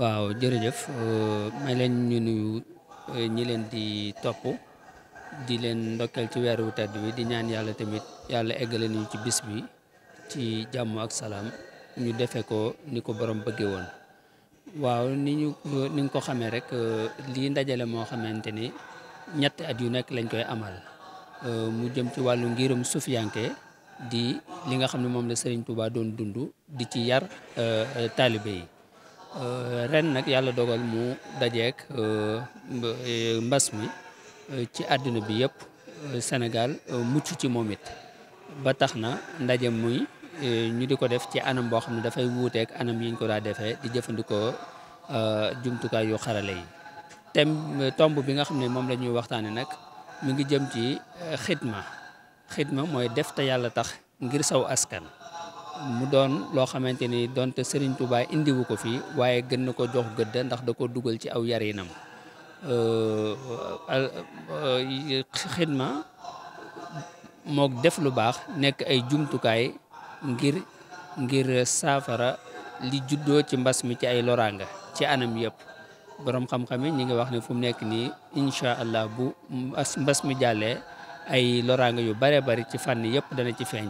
waaw jërëjëf may leen ñu nuyu ñi leen di topp di leen ndokkeel ci weeru tedd bi di ñaan yàlla tamit yàlla eggale nañu ci bis bi ci jàmm ak salaam ñu defe ko ni ko borom bëggee woon waaw ni ñu ni nga ko xamee rek lii ndajale moo xamante ni ñetti at yu nekk lañ koy amal mu jëm ci wàllu ngirum sufiyanke di li nga xam ne moom la Serigne Touba doon dund di ci yar taalibe yi Euh, ren nag yàlla dogal mu dajeek euh, mbas mi euh, ci àdduna bi yëpp Sénégal mucc ci moom it ba tax na ndaje muy ñu di ko def ci anam boo xam ne dafay wuuteek anam yi ñu ko daa defee di jëfandikoo jumtukaay yu xarale yi tem tomb bi nga xam ne moom la ñuy waxtaane nag mu ngi jëm ci xidma xidma mooy def te yàlla tax ngir saw askan mu doon loo xamante ni donte Serigne Touba indiwu ko fii waaye gën na ko jox gëdd ndax da ko dugal ci aw yarinam euh, euh, euh, xidma mook def lu baax nekk ay jumtukaay ngir ngir saafara li juddoo ci mbas mi ci ay loraanga ci anam yëpp boroom xam-xam ñi ngi wax ne fu mu nekk nii incha allah bu mbas mi jàllee ay loraanga yu bare bari ci fànn yëpp dana ci feeñ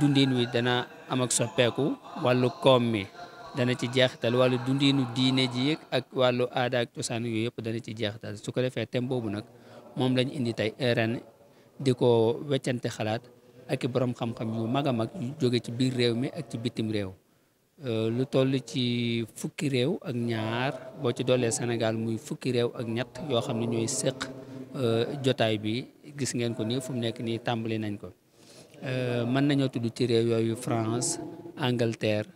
dundin wi dana am ak soppeeku wàllu koom mi dana ci jeexital wàllu dundinu diine ji yëg ak wàllu aada ak cosaan yu yëpp dana ci jeexital su ko defee thème boobu nag moom lañ indi tey ren di ko weccante xalaat ak i borom xam-xam yu mag a mag yu jóge ci biir réew mi ak ci bitim réew euh, lu toll ci fukki réew ak ñaar boo ci doolee Sénégal muy fukki réew ak ñett yoo xam ne ñooy séq euh, jotaay bi gis ngeen ko nii fu mu nekk nii tàmbali nañ ko Euh, mën nañoo tudd ci réew yooyu France Angleterre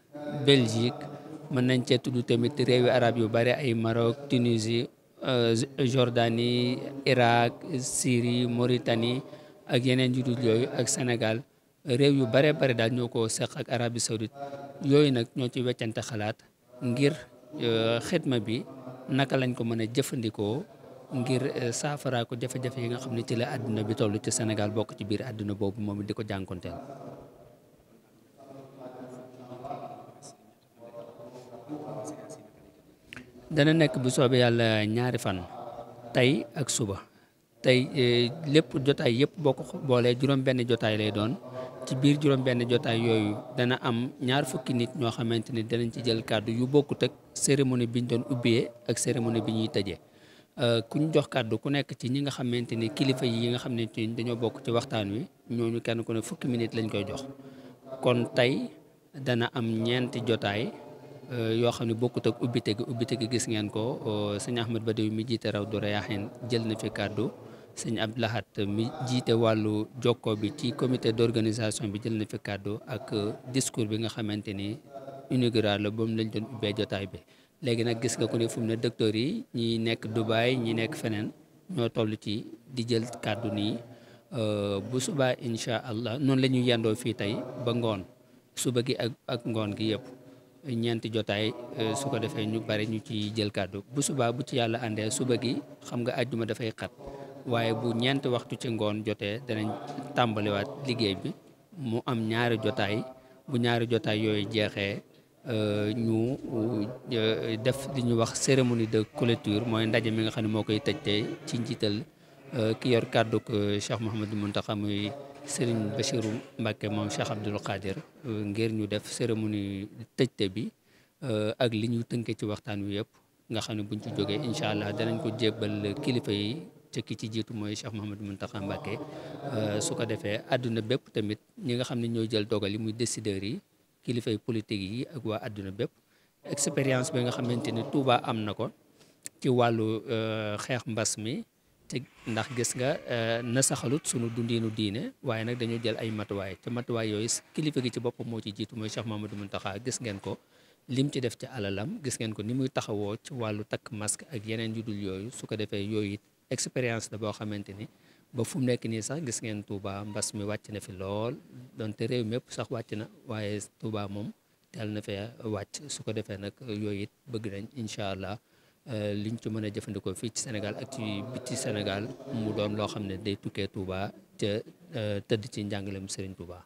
Belgique mën nañ cee tudd tamit réewi arab yu bare ay Maroc Tunisie euh, Jordanie Irak Syrie Mauritanie ak yeneen yu dul yooyu ak senegal réew yu bare bare daal ñoo ko seq ak Arabie Saoudite yooyu nag ñoo ci weccante xalaat ngir euh, xidma bi naka lañ ko mën a jëfandikoo ngir eh, saafara ko jafe-jafe yi nga xam ne ci la àdduna bi toll ci senegal bokk ci biir àdduna boobu moom di ko jànkonteel dana nekk bu soobee yàlla ñaari fan tey ak suba tey eh, lépp jotaay yëpp bokk ko boolee juróom-benn jotaay lay doon ci biir juróom-benn jotaay yooyu dana am ñaar fukki nit ñoo xamante ni danañ ci jël kàddu yu bokkut ak cérémonie biñ doon ubbiyee ak cérémonie bi ñuy tëjee Euh, ku ñu jox kàddu ku nekk ci ñi nga xamante ni kilifa yi nga xam ne ni dañoo bokk ci waxtaan wi ñooñu kenn ku ne fukki minute lañ koy jox kon tey dana am ñeenti jotaay euh, yoo xam ne bokkut ak ubbite gi ubbite gi gis ngeen ko euh, sëñ Ahmed Badawi mi jiite raw du Rayaaxin jël na fi kàddu sëñ Abdou Lahat mi jiite wàllu jokko bi ci comité d'organisation bi jël na fi kàddu ak discours bi nga xamante ni inaugural la boobu lañ doon ubbee jotaay bi léegi nag gis nga ko ne fu mu ne docteur yi ñi nekk Dubaay ñi nekk feneen ñoo toll ci di jël kàddu nii euh, bu subaa incha allah noonu la ñuy yendoo fii tey ba ngoon suba gi ak ak ngoon gi yëpp ñeenti jotaay euh, su ko defee ñu bari ñu ci jël kàddu bu subaa bu ci yàlla àndee suba gi xam nga àjjuma dafay xat waaye bu ñeenti waxtu ci ngoon jotee danañ tàmbaliwaat liggéey bi mu am ñaari jotaay bu ñaari jotaay yooyu jeexee Euh, ñu euh, euh, def li ñu wax cérémonie de clôture mooy ndaje mi nga xam ne moo koy tëj tey ci njiital ki yor kàddu ko Cheikh Mouhamadou Mountakha muy Serigne Bachirou Mbacké moom Cheikh Abdoul Khadir ngir ñu def cérémonie tëjte bi ak li ñu tënkee ci waxtaan wi yëpp nga xam ne buñ ci jógee incha allah danañ ko jébbal kilifa yi te ki ci jiitu mooy Cheikh Mouhamadou Mountakha Mbacké su ko defee àdduna bépp tamit ñi nga xam ne ñoo jël dogal yi muy décideurs yi. kilifay politique yi ak waa àdduna bépp expérience bi nga xamante ni Touba am na ko ci wàllu euh, xeex mbas mi te ndax gis nga euh, na saxalut sunu dundiinu diine waaye nag dañu jël ay matuwaay te matuwaay yooyu kilifa gi ci boppam moo ci jiitu mooy Cheikh Mamadou Mountakha gis ngeen ko lim ci def ci alalam gis ngeen ko ni muy taxawoo ci wàllu takk masque ak yeneen yu dul yooyu su ko defee yooyu expérience la boo xamante ni ba fu mu nekk nii sax gis ngeen Touba mbas mi wàcc na fi lool donte réew mépp sax wàcc na waaye Touba moom teel na fee wàcc su ko defee nag yooyu it bëgg nañ incha allah eh, liñ ci mën a jëfandikoo fii ci Sénégal ak ci biti Sénégal mu doon loo xam ne day tukkee Touba te eh, tëdd ci njàngalem Serigne Touba.